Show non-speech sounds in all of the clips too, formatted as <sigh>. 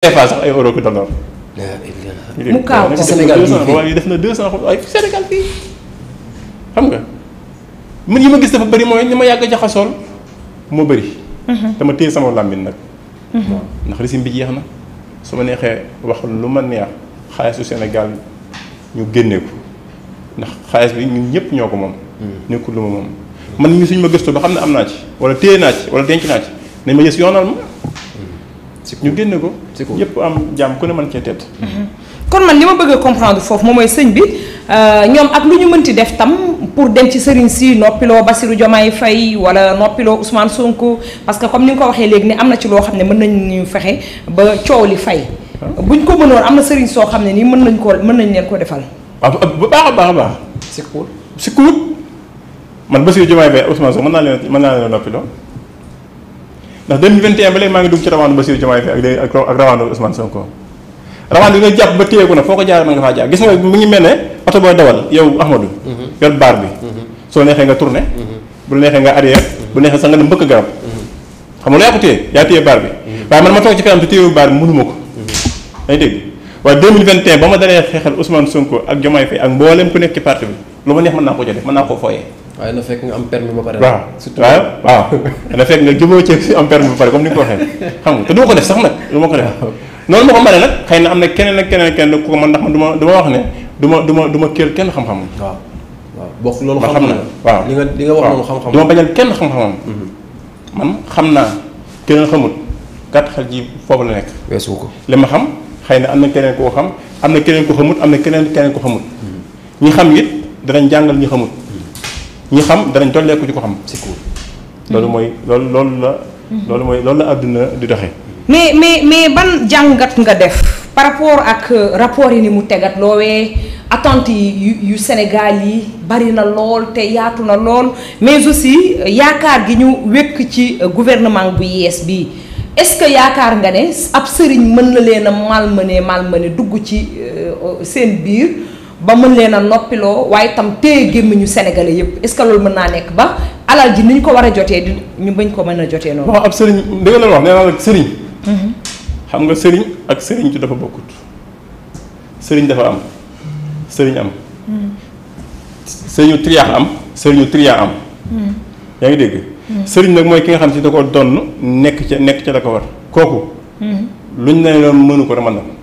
CFA ah, ay euro ko donor. mu kaaw ci Sénégal bii def na 200 waaye Sénégal fii xam nga man yi ma gis dafa bëri mooy ni ma yàgg a jaxasool moo bëri. Mhm. dama téye sama làmmiñ nag. Mhm. ndax risim bi jeex na su ma neexee wax lu ma neex xaalisu senegal ñu génne ko ndax xaalis bi ñu ñëpp ñoo ko moom. Mhm. nekkul lu ma moom man mii suñ ma gëstu ba xam ne am naa ci wala téye naa ci wala denc naa ci nañ ma yës yoonal ma. ñu génn ko ñëpp am jàmm ku ne mën cee tedd mhm. kon man li ma bëgg a comprendre foofu moom mooy sëñ bi euh, ñoom ak lu ñu mënti def tam pour dem ci sëriñ si noppiloo Bassirou Diomaye Faye wala noppiloo Ousmane Sonko parce que comme ni nga ko waxee léegi ni am na ci loo xam ne mën nañu fexe ba li fay ah. buñ ko mënoon am na sëriñ soo xam ne nii mën nañ koo mën nañ leen ko defal waaw ah, bu baax a baax a baax si kuut si kuut man Bassirou Diomaye Faye Ousmane Sonko mën naa leen mën naa leen noppiloo ndax 2021 ba léegi maa ngi dugg ci rawaandu Bassirou Diomaye Faye ak ak rawaandu Ousmane Sonko rawaandu nga jàpp ba téyeeku na foo ko jaar ma nga gis nga mu ngi mel ne oto booy dawal mm-hmm. bi mm-hmm. soo neexee nga tourné mm-hmm. bu neexee nga arrière bu neexee sax nga dem mbëkk garab xam nga yaa ko téye yaa téye baar bi waaye man ma toog ci kanam te téyewu baar bi mënuma ko dañ dégg waaye 2021 ba ma dalee xeexal Ousmane Sonko ak Diomaye Faye ak mboolem ku nekk ci parti bi lu ma neex mën naa ko jo def mën naa ko fooyee waaye na fekk nga am permis ba pare. waaw surtout waaw waaw na fekk nga jubóo ceeb si am permis ba pare comme ni nga ko waxee xam nga te du ko def sax nag du ma ko def noonu ma ko mënee nag xëy na am na keneen ak keneen keneen ku ko man ndax man du ma du ne du ma du ma du kenn xam-xamam. waaw waaw bokk loolu. xam na waaw li nga li nga wax noonu xam-xam. ma bañal kenn xam-xamam. Mhm. man xam naa keneen xamut kat xel ji foofu la nekk. weesu ko li ma xam xëy na am na keneen koo xam am na keneen ko xamut am na keneen keneen ko xamut mhm. ñi xam it danañ jàngal ñi xamut ñi xam danañ tolleeku ci ko xam si kuur mm-hmm. loolu mooy loolu loolu la mm-hmm. loolu mooy loolu la àdduna di doxee mais mais mais ban jàngat nga def par rapport ak euh, rapport yi ni mu tegat loowee attente yi yu Sénégal yi bari na lool te yaatu na lool mais aussi euh, yaakaar gi ñu wékk ci euh, gouvernement bu yees bi est-ce que yaakaar nga ne ab sëriñ mën na leen a malmené malmené dugg ci seen biir ba mën leen a noppiloo waaye itam téye gémmiñu sénégalais yëpp est-ce que loolu mën naa nekk ba alal ji ni ñu ko war a jotee di ñu bañ ko mën a jotee noonu. waaw ab sëriñ dëgg la wax nee mm-hmm. xam nga sëriñ ak sëriñ ci dafa bokkut dafa am sëriñ am. Mm-hmm. sëriñu triaax am sëriñu triyaa am. Mm-hmm. yaa ngi dégg. sëriñ nag mooy ki nga xam si da ko donn nekk ca nekk ca la ko war kooku. luñ ne la mënu ko rek mën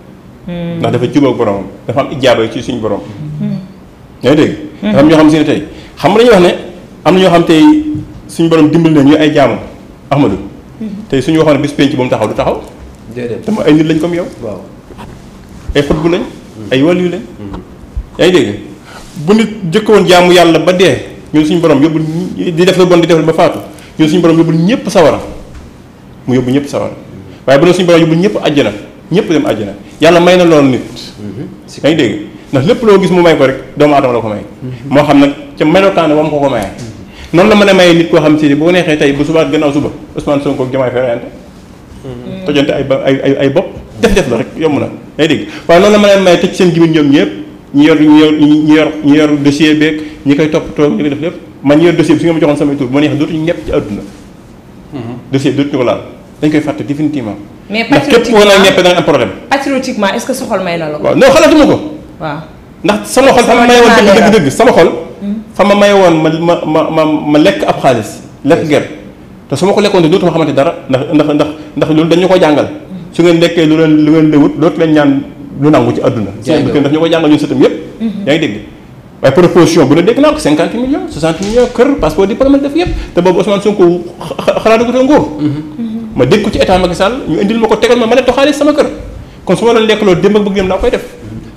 Hmm. ndax dafa jubóog boromam dafa am ijaaba ci suñu borom. yaa ngi dégg. Hmm. dafa am xam si ne tey xam nga dañuy wax ne am na ñoo xam tey suñ borom dimbali na ñu ay jaamam Ahmadou. Hmm. tey suñu waxoon bis penc ba mu taxaw du taxaw. déedéet dama ay nit lañ comme yow. waaw ay xutbu lañ. ay wàllu lañ. yaa ngi dégg bu nit jëkkoon jaamu yàlla ba dee ñun suñ borom yóbbu di def lu bon di def ba faatu ñun suñu borom yóbbul ñëpp sawara mu yóbbu ñëpp sawara waaye bu ne suñu borom yóbbul ñëpp àjjana ñëpp dem àjjana yàlla may na loolu nit. si ngi dégg ndax lépp loo gis mu may ko rek doomu aadama la ko may. Mhm. moo xam nag ca melokaan ba mu ko ko mayee. Mhm. noonu la mën a maye nit koo xam si ne bu ko neexee tey bu subaat gannaaw suba Ousmane Sonko ak Diomaye Faye mhm. tojante ay ba ay ay bopp def-def la rek yomb na yaa ngi dégg waaye noonu la mën a maye tëj seen gémmiñ ñoom ñëpp ñu yor ñu yor ñu yor ñu yor dossier beeg ñi koy toppatoo ñi def lépp man ñu yor dossier bi su nga ma joxoon samay tur bu neex dootuñu ñepp laal dañ koy fàtte définitivement. mais patriotiquement ndax képp ku ñepp da nga am problème. patriotiquement est-ce que sa xalaatuma ko. ndax sama xol hmm. fa ma may woon fa ma may woon ma ma ma ma ma lekk ab xaalis lekk ger te su ma ko lekkoon dootuma xamante dara ndax ndax ndax ndax loolu dañu ko jàngal. Hmm. su ngeen lekkee lu leen lu ngeen lewut dootu leen ñaan lu nangu ci àdduna. jaay dëgg ndax ñu ko jàngal ñun sëtam yëpp. Hmm. yaa ngi dégg waaye proposition bu ne dégg naa ko 50 millions kër passeport diplomate def yëpp te boobu Ousmane ma dégg ko ci état Macky Sall ñu indil ma ko tegal ma ma ne sama kër kon su ma doon lekk loolu démb ak bëgg yam naa koy def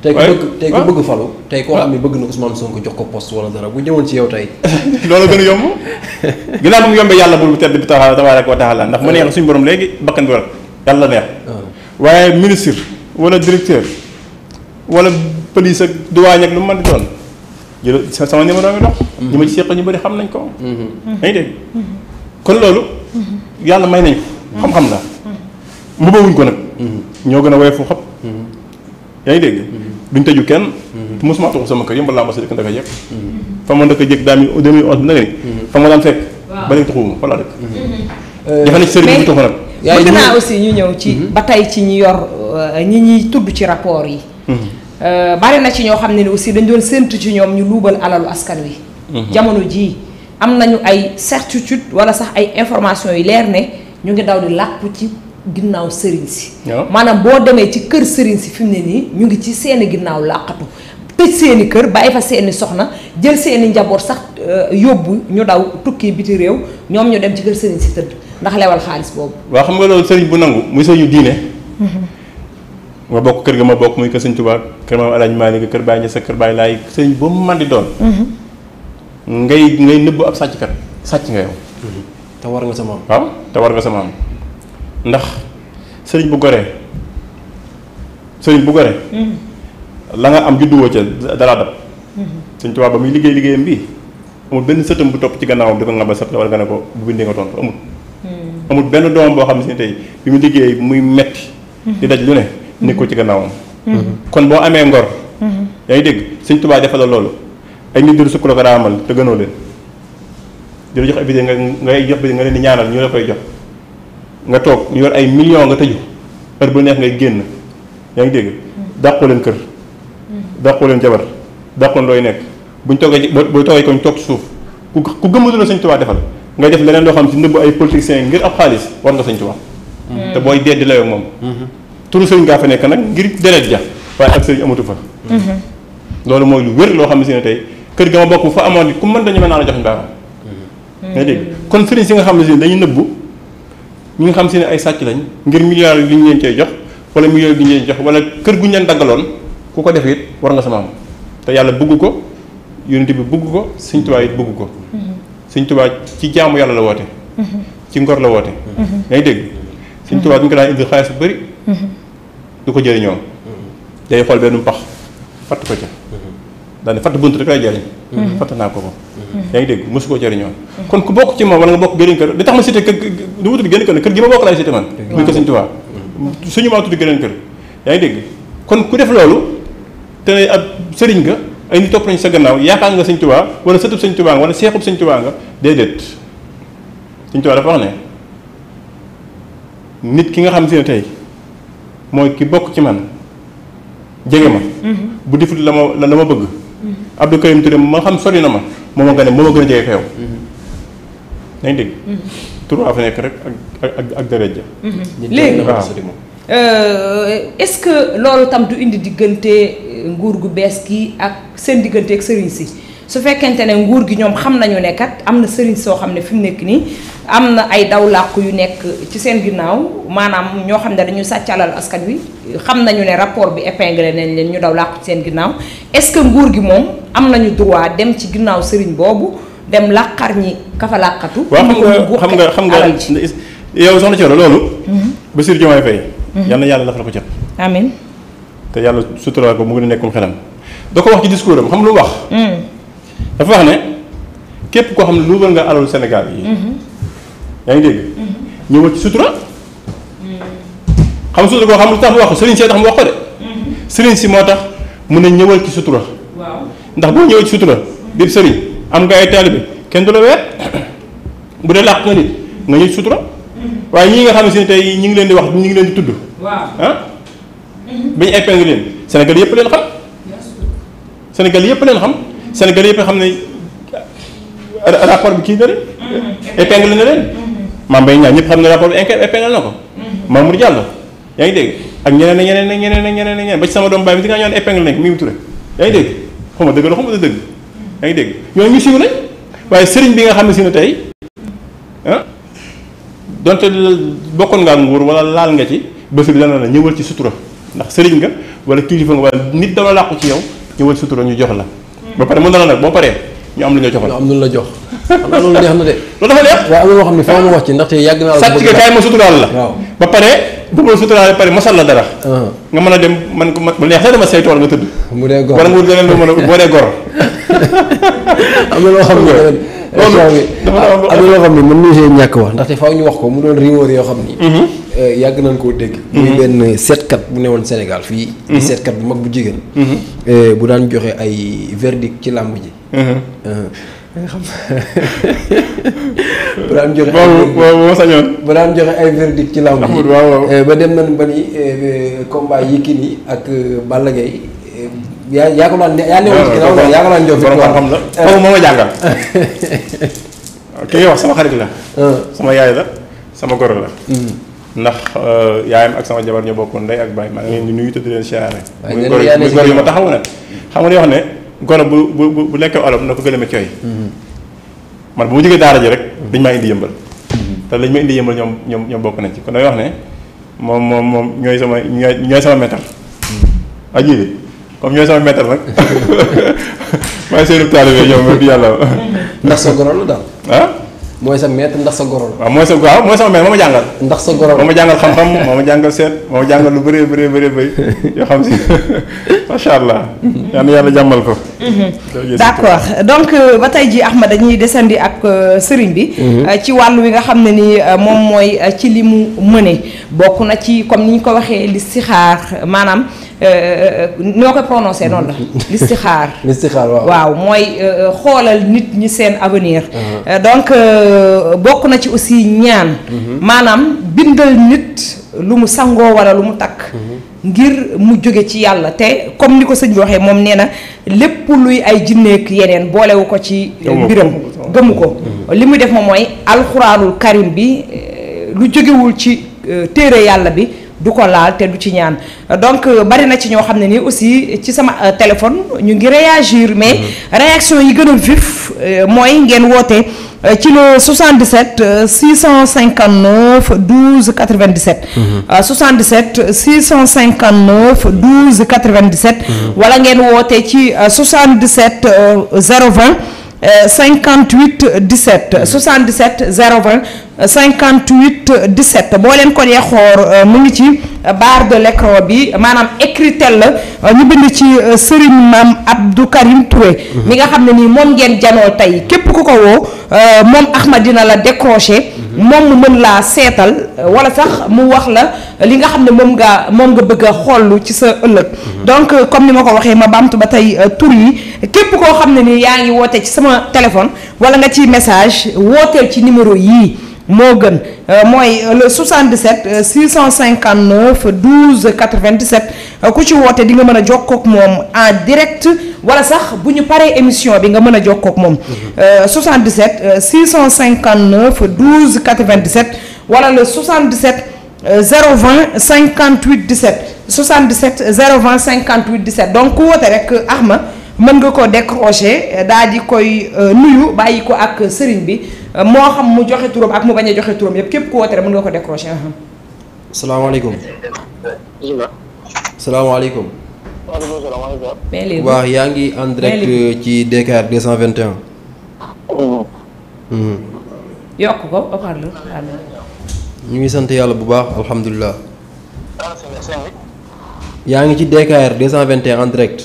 tey ku bëgg tey ku ah. bëgg falu tey koo ah. xam ne bëgg na soo ko jox ko poste wala dara bu ñëwoon ci yow tey <laughs> loolu gën a yomb <laughs> ginnaaw bu mu yombee yàlla bu tedd bi taxaw tabaaraka wa taala ndax mu neex la suñu borom léegi bakkan bi war yàlla neex ah. waaye ministre wala directeur wala police ak douane ak lu mu mën di doon jël sama numéro mi dox mm-hmm. ñi ma ci seqal ñu bari xam nañ ko dañ mm-hmm. de mm-hmm. kon loolu yàlla may nañ xam-xam la mu bëwuñ ko nag ñoo gën a woyof xob yaa ngi dégg duñ tëju kenn mm-hmm. mosuma taxu sama kër yëmbal laa ma sa dëkk ndaka jekk fa ma ndaka jekk daa mi 2011 mm-hmm. ñu ñëw ci mm-hmm. ba tey ci ñi yor euh, ñi ñuy ci rapport yi euh, bari na ci ñoo xam ne ni aussi dañ doon séentu ci ñoom ñu luubal alalu askan wi jamono jii am nañu ay certitude wala sax ay information yi leer ne ñu ngi daw di làqu ci ginnaaw sëriñ si. maanaam boo demee ci kër sëriñ si fi ne nii ñu ngi ci seeni ginnaaw làqatu tëj seeni kër bàyyi fa seeni soxna jël seeni njaboot sax euh, yóbbu ñu daw tukki biti réew ñoom ñu dem ci kër sëriñ si tëdd ndax lewal xaalis boobu. waaw xam nga loolu sëriñ bu nangu muy sëriñu diine. ma mhm. bokk kër gi ma bokk muy kër sëñ Tuubaa kër maam Alaaji Maalik kër Baay sa kër Baay Laay sëriñ ba mu mën di doon. Mhm. ngay ngay nëbbu ab sàcckat sàcc nga yow. Mhm. te war nga sa maam waaw te war nga sa maam ndax sëriñ bu goree sëriñ bu goree. Hmm. la nga am judduwoo ca dalaa dab. Hmm. sëriñ Tuubaa ba muy liggéey liggéeyam bii amul benn sëtam bu topp ci gannaawam di ko ngabal ba la wala nga ne ko bu bindee nga tontu amul. Hmm. amul benn doomam boo xam ne si tey bi mu liggéey muy metti di daj lu ne nekkoo ci gannaawam. kon boo amee ngor. yaa ngi dégg sëriñ Tuubaa defal la loolu ay nit du sukk la ko raamal te gënoo leen. di la jox nga ngay jox bidi nga leen di ñaanal ñu la koy jox nga toog yor ay million nga tëju heure bu neex ngay génn yaa ngi dégg mm-hmm. dàqu leen kër mm-hmm. dàqu leen jabar dàqu leen looy nekk buñ toogee boo toogee koñ toog suuf ku ku gëmmatu la Sëñ Tuubaa defal ngay def leneen loo xam ci nëbb ay politiciens ngir ab xaalis war nga Sëñ Tuubaa mm-hmm. te booy dee di layoo moom turu sëñ gaa fa nekk nag ngir deret ja waaye ak sëriñ amatu fa loolu mooy lu wér loo xam ne si ne tey kër ga ma fa amoon ku mën dañu mën naa la jox baaraam nga dégg kon sëriñ si nga xam ne si ne dañuy nëbbu ñi nga xam si ne ay sàcc lañ ngir milliards yi ñu leen cee jox wala millions yi ñu leen jox wala kër gu ñu leen daggaloon ku ko defee it war nga sama am te yàlla bëgg ko yonent bi bëgg ko Sëriñ Tuubaa it bëgg ko Sëriñ Tuubaa ci jaamu yàlla la woote ci ngor la woote yaa ngi dégg Sëriñ Tuubaa du ñu daan indi xaalis bu bëri du ko jëriñoo day xool benn pax fatt ko ca daane fatt bunt rek lay jariñ mhm. fatt naa ko ko mhm. yaa ngi dégg mosu koo jariñoo kon ku bokk ci moom wala nga bokk gëneen kër li tax ma cité kër du wutul gëneen kër kër gi ma bokk laay cité suñu maa tudd gëneen kër dégg kon ku def loolu te ne ab sëriñ nga ay nit topp nañu sa gannaaw yaakaar nga Sëñ Tuubaa wala sëtub Sëñ Tuubaa nga wala seexub Sëñ Tuubaa nga déedéet Sëñ Tuubaa dafa wax ne nit ki nga xam si ne tey mooy ki bokk ci man jege ma mhm. bu deful la ma la ma bëgg Mm-hmm. Abdou Karim Touré ma xam sori na ma moom a gën a moom a a jege ko yow. nañ dégg. tur fa nekk rek ak ak ak deret mm-hmm. léegi euh, est-ce que loolu tam du indi diggante nguur gu bees gi ak seen diggante ak sëriñ si su fekkente ne nguur gi ñoom xam nañu ne am na sëriñ soo xam ne fim nekk nii. am na ay daw làq yu nekk ci seen ginnaaw maanaam ñoo xam ne dañu sàcc alal askan wi xam nañu ne rapport bi épinglé nañ leen ñu daw làq ci seen ginnaaw est-ce que nguur gi moom am nañu droit dem ci ginnaaw sëriñ boobu dem làqar ñi kafa làqatu. waaw xam nga xam nga xam nga yow soxna Thioro loolu. Mhm. Bassirou Diomaye Faye. Mhm. yal na yàlla defal ko suturaal ko mu ngi nekkum xelam. da ko wax ci discours am xam lu wax. Mhm. dafa wax ne képp koo xam ne luubal nga alalu Sénégal yi. yaa ngi dégg. Mm-hmm. ñëwal ci sutura. Mm-hmm. xam sutura koo xam lu tax mu wax ko sëriñ see de. Mm-hmm. sëriñ si moo tax mu ne ñëwal ci sutura. ndax boo ñëwee ci sutura. biir sëriñ am nga ay taalibe kenn du la weer <coughs> bu dee làq nga nit nga ñëw ci sutura. waaye ñii nga xam si ni tey ñi ngi leen di wax ñi ngi leen di tudd. waaw ah? ñu épingle leen Sénégal yëpp leen xam. Sénégal yëpp leen xam. Sénégal yëpp xam ne rapport bi kii na leen. épingle na leen. Mame Mbaye Niang ñëpp xam ne rapport bi enquête pénal na ko Mamour Diallo yaa ngi dégg ak ñeneen ñeneen ak ñeneen ak ñeneen ak ñeneen ba ci sama doom baay bi di nga ñoon épingle nekk mi mu ture dëgg la xaw ma dëgg yaa ngi dégg ñooñu ñu siiw nañ waaye sëriñ bi nga xam ne si ne tey ah donte bokkoon nga ak nguur wala laal nga ci bés bi dana la ñëwal ci sutura ndax sëriñ nga wala kilifa nga wala nit dama làqu ci yow ñëwal ci sutura ñu jox la ba pare mu dana nag boo paree ñu am lu ñu joxoon am lu la jox xanaa loolu neex na de loolu dafa neex waaw am loo xam ne faaw ma wax ci ndaxte yàgg naa sàcc nga kaay ma la waaw ba pare bu ma suturaal pare masal la dara ah. nga mën a dem man ko ma neex la dama saytu wala nga tëdd mu dee gor wala nga wut leneen a boo dee gor <laughs> am na loo xam ne dafa am na loo xam ne mën nañu see ñàkk wax ndaxte faaw ñu wax ko mu doon riwóor yoo xam ni mhm. Euh, yàgg nañ koo dégg. muy mhm. benn seetkat bu newoon Sénégal fii. di mhm. seetkat bu mag bu jigéen. Mhm. Euh, bu daan joxe ay verdict ci làmb ji. Euh, xam <laughs> bu daan joxe daan joxe ay verdict ci làmb ji ba dem nañ ba ni combat Yékini ak Balla Gaye yaa yaa ko daan yaa newoon ci ginnaaw yaa ko daan jox victoire xam ma <laughs> wax sama xarit la sama yaay la sama goro la mm. ndax euh, yaayam ak sama jabar ñoo bokkoon ndey ak baay maa ngi leen di nuyu te di leen siyaare muy gor muy gor ma taxaw nag xam nga wax ne golo bu bu bu lekkee olof na ko gëlëme cooy mhm. man bu mu jógee daara ji rek mhm. dañ maa indi yëmbal mhm. te lañ ma indi yëmbal ñoom ñoom ñoom bokk nañ ci kon damay wax ne moom moom moom ñooy sama ñooy sama maître aji bi comme ñooy sama maître nag <laughs> <laughs> maa ngi seenu taalibe ñoom di yàlla ndax sa goro la daal ah? mooy sa maître ndax sa goro la. waaw mooy sa waaw mooy moo ma jàngal. ndax sa goro la moo ma jàngal xam-xam moo ma jàngal seet moo ma jàngal lu bëree bëree bëree yoo xam si <laughs> macha allah. yal na yàlla jàmmal ko. Mhm. d' accord donc euh, ba tey jii Axma dañuy desandi ak euh, sëriñ bi. Mhm. Euh, ci wàll wi nga xam ne nii moom mooy ci li mu mëne bokk na ci comme ni ñu ko waxee li si xaar maanaam. noo ko prononcé noonu la <laughs> listixaar listixaar waaw waaw mooy xoolal nit ñi seen avenir uh-huh. donc Euh, bokk na ci aussi ñaan mhm. maanaam bindal nit lu mu sangoo walla lu mu takk mhm. ngir mu jóge ci yàlla te comme ni ko sëñ bi waxee moom nee na lépp luy ay jinneek yeneen boolewu ko ci mbiram gëmu ko mhm. li muy def moom mooy alxuraanul karim bi lu jógewul ci euh, téere yàlla bi du ko laal te du ci ñaan donc euh, bari na ci ñoo xam ne nii aussi ci sama euh, téléphone ñu ngi réagir mais mm-hmm. réaction yi gën a vif euh, mooy ngeen woote ci le 77 659 12 97. 77 659 12 97. wala ngeen woote ci 77 020 58 17 77 020. 58 17 boo leen ko dee xoor euh, mu ngi ci euh, bar de l'écran bi maanaam écritel la euh, ñu bind ci Serigne Mame Abdou Karim Touré. Mhm. mi nga xam ne nii moom ngeen janoo tey képp ku ko woo moom Ahmad dina la décroché. Mhm. moom mu mën laa seetal wala sax mu wax la li nga xam ne moom nga moom nga bëgg a xollu ci sa ëllëg mhm. donc comme ni ma ko waxee ma bamtu ba tey tur yi képp koo xam ne ni yaa ngi woote ci sama téléphone wala nga ci message wooteel ci numéro yii moo gën euh, mooy euh, le 77 659 12 97 ku ci woote di nga mën a jokkook moom en direct wala sax bu ñu paree émission bi nga mën a jokkook moom 77 659 12 97 wala le 77 020 58 17 77 020 58 17 donc ku woote rek Axma mën nga ko décrocher euh, daal di koy nuyu bàyyi ko ak sëriñ bi Euh, moo xam mu joxe turam ak mu bañ a joxe turam yëpp képp ku woote rek mën nga ko décrocher. Uh-huh. salaamaaleykum. salaamaaleykum. maaleykum salaam wa yaa ngi en direct euh, ci DKR 221. Mm-hmm. Mm-hmm. yokk ko haut-parleur ngi sant yàlla bu baax alhamdulilah. Ah, yaa ngi ci DKR 221 en direct.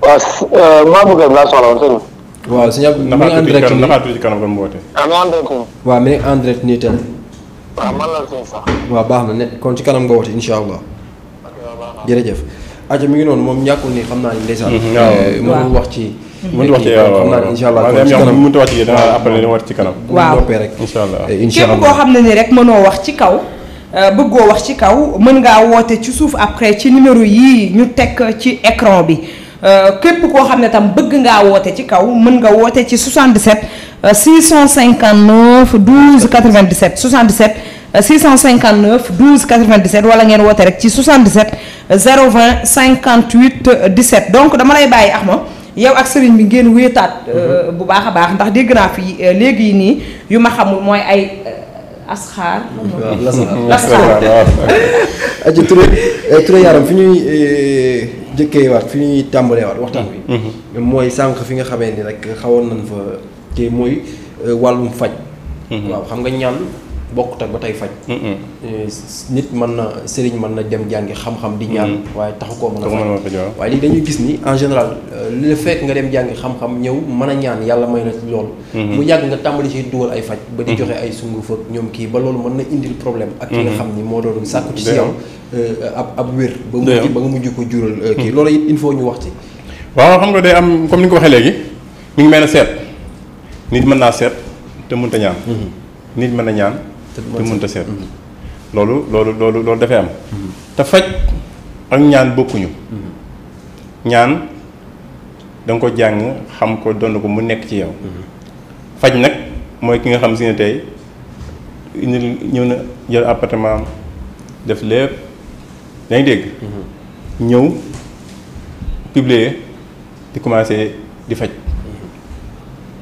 waaw euh, maa bëgg waaw sëñ Abdou mu ah, ngi en direct nii ndax ci kanam kon woote. asalaamaaleykum. waaw mi ngi en direct nii teel. waaw ah, man la sëñ sax. waaw baax na ne kon ci kanam nga woote incha allah. jërëjëf. aja mi ngi noonu moom ñàkkul ni xam naa ni ndeysaan. Mm-hmm, eh, waaw wax ci. Mm-hmm. mënut wax ci xam naa incha allah mënut wax ci danga après war ci kanam. waaw noppee rek incha allah. Eh, képp koo xam ne ni rek mënoo wax ci kaw. Euh, bëggoo wax ci kaw mën ngaa woote ci suuf après ci numéro yii ñu teg ci écran bi. Euh, képp koo xam ne tam bëgg ngaa woote ci kaw mën nga woote ci 77 659 12 97 77 659 12 97 wala ngeen woote rek ci 77 020 58 17 donc dama lay bàyyi ax ma yow ak sëriñ bi ngeen wéetaat euh, mhm. bu baax a baax ndax dégg naa fi euh, léegi nii yu ma xamul mooy ay asxaar lasxaar <laughs> <laughs> aji Touré Touré yaram fi ñuy jëkkee waat fi ñuy tàmbalee waat waxtaan bi mm-hmm. mooy sànq fi nga xamee ni rek xawoon nañ fa te mooy euh, wàllum faj mm-hmm. waaw xam nga ñaan bokkut ak ba tey faj. Eh, nit mën na sëriñ mën na dem jàngi xam-xam di ñaan. waaye taxu koo mën a faj waaye lii dañuy gis ni en général euh, le fekk nga dem jàngi xam-xam ñëw mën a ñaan yàlla may la loolu. mu yàgg nga tàmbali ci dugal ay faj. ba di joxe ay sunguf ak ñoom kii ba loolu mën na indil problème. ak ki nga xam ni moo doon sàkku ci si yow. Euh, ab ab wér. ba mujj ba nga mujj ko jural euh, kii loolu it il faut ñu wax ci. waaw xam nga day am comme ni nga ko waxee léegi mi ngi seet nit mën naa seet te mënta ñaan mm-hmm. nit mën na ñaan te mënta seet mm-hmm. loolu loolu loolu loolu dafay am mm-hmm. te faj ak ñaan bokkuñu mm-hmm. ñaan danga ko jàng xam ko doon ko mu nekk ci yow faj nag mooy ki nga xam si ne tey indi ñëw na jël appartement def lépp yaa ngi dégg ñëw publier di commencé di faj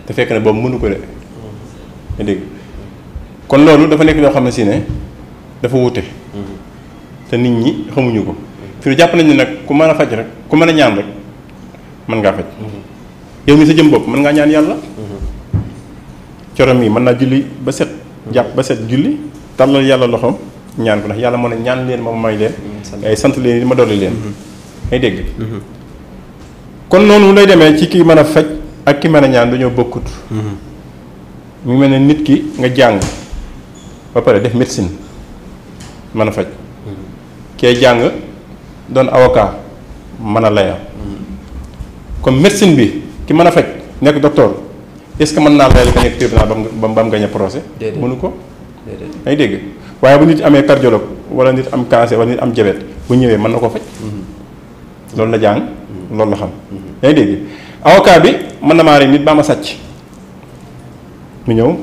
te fekk na boobu mënu ko de yaa dégg kon loolu dafa nekk loo xam ne si ne dafa wuute mm-hmm. te nit ñi xamuñu ko fi jàpp nañ nañu nag ku mën a faj rek ku mën a ñaan rek mën ngaa faj mm-hmm. yow mi sa jëm bopp mën ngaa ñaan yàlla mm-hmm. corom yi mën na julli ba set jàpp ba set julli tàllal yàlla loxoom ñaan ko yàlla moo ñaan leen ma may leen ay sant leen yi ma dolli leen ay dégg kon noonu lay demee ci ki mën a faj ak ki mën a ñaan dañoo bokkut mu mel ne nit ki nga jàng ba pare def médecine mën a faj kee jàng doon avocat mën a layal comme médecine bi ki mën a faj nekk docteur est-ce que mën naa layal ka nekk tribunal ba mu ba mu gañe procès mënu ko dangay dégg waaye bu nit amee cardiologue wala nit am cancer wala nit am jabet bu ñëwee mën na ko faj mm-hmm. loolu la jàng mm-hmm. loolu la xam dangay mm-hmm. dégg avocat bi mën na maa rey nit baa ma sàcc mu ñëw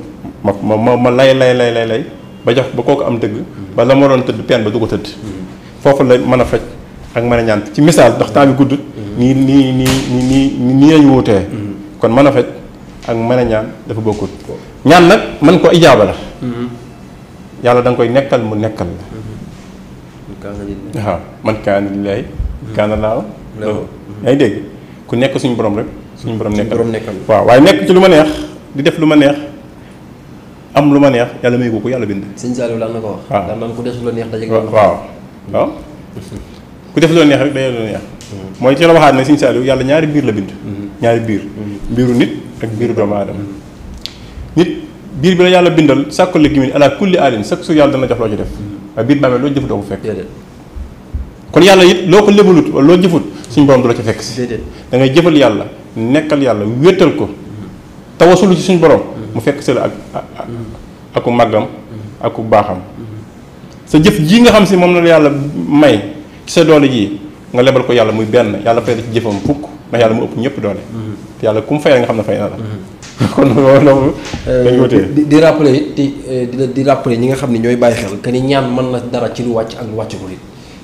ma ma lay lay lay lay lay ba jox ba kooku am dëgg ba la ma waroon tëdd peen ba du ko tëdd foofu la mën a faj ak mën a ñaan ci misaal ndax temps bi guddut nii nii nii nii nii nii lañ wuutee kon mën a faj ak mën a ñaan dafa bokkut ñaan nag man ko ijaaba yàlla da koy nekkal mu nekkal la waaw man kaana lillaahi kaana laahu lahu mhm. yaa nekk suñu borom rek suñu borom nekkal waaw waaye nekk ci lu ma neex di def lu ma neex am lu ma neex yàlla may ko ko yàlla bind. la ko wax. waaw daan naan ku def lu neex daje. waaw waaw ku def lu neex rek daje lu neex. Mm-hmm. mooy ci la waxaat ne sëñ Saliou yàlla ñaari biir la bind. Mm-hmm. ñaari biir. Mm-hmm. biiru nit ak biiru doomu aadama. nit biir bi la yàlla bindal sàkku la gimin ala kulli alin chaque jour yàlla dana jox loo ci def. waaye biir bàmmeel loo jëf doo ko fekk. kon yàlla it loo ko lébalut wala loo jëfut suñ borom du la ci fekk si. da ngay jëfal yàlla nekkal yàlla wéetal ko tawasulu suñ borom mu fekk si la ak mm-hmm. aku màggam mm-hmm. aku baaxam mm-hmm. sa jëf jii nga xam si moom la yàlla may ci sa doole ji nga lebal ko yàlla muy benn yàlla fay la ci jëfam fukk ndax yàlla mu ëpp ñëpp doole te yàlla ku mu fayal nga xam ne fay na la <laughs> kon loolu euh, dañu wutee di di rappeler di euh, di rappeler ñi nga xam ne ñooy bàyyi xel que ni ñaan na dara ci lu wàcc ak lu wàccagul it.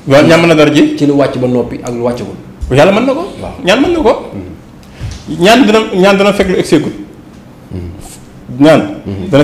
waaw ñaan mën na dara ji. ci lu wàcc ba noppi ak lu wàccagul. yàlla mën na ko. waaw ñaan mën na ko. ñaan dina ñaan dina fekk lu exegut. ñaan mhm.